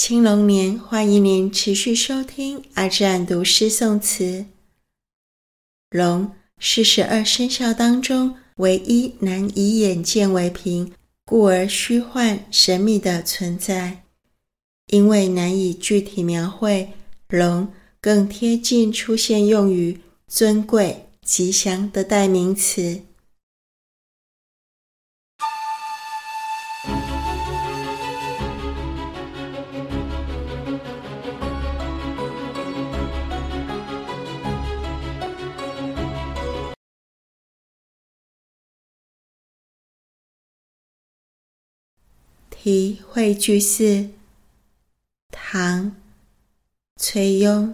青龍年，歡迎您持續收聽阿志按讀詩誦，誦詞。龍是十二生肖當中唯一難以眼見為憑，故而虛幻神秘的存在。因為難以具體描繪，龍更貼近出現用於尊貴、吉祥的代名詞。題惠聚寺，唐·崔庸。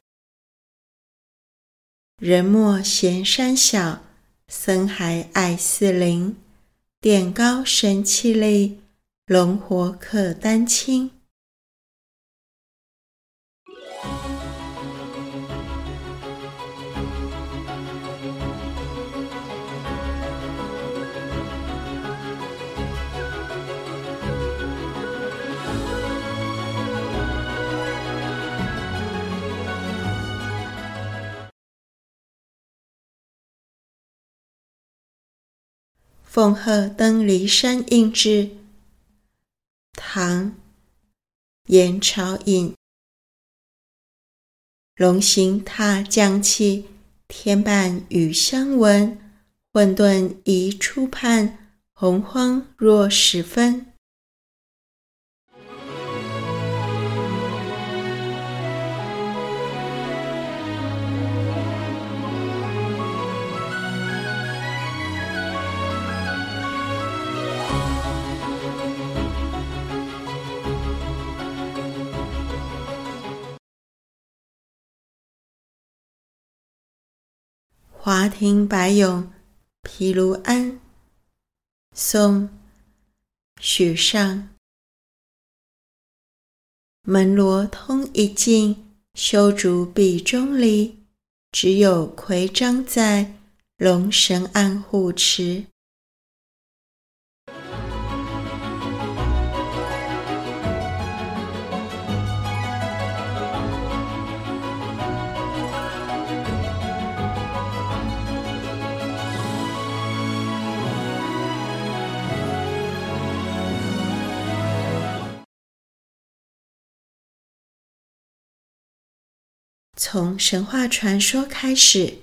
人莫嫌山小，僧還愛寺靈。殿高神氣力，龍活客丹青。《奉和登驪山應制》唐·閻朝隱。龍行踏絳氣，天半語相聞。混沌疑初判，洪荒若始分。華亭百詠，毗盧庵，宋，許尚。捫蘿通一徑，修竹蔽中籬。只有奎章在，龍神暗護持。從神話傳說開始，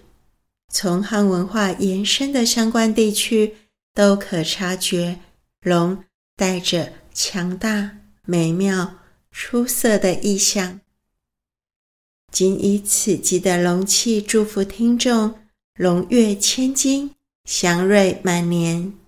從漢文化延伸的相關地區，都可察覺龍帶着強大、美妙、出色的意象。謹以此集的龍氣祝福聽眾，龍躍千金，祥瑞滿年。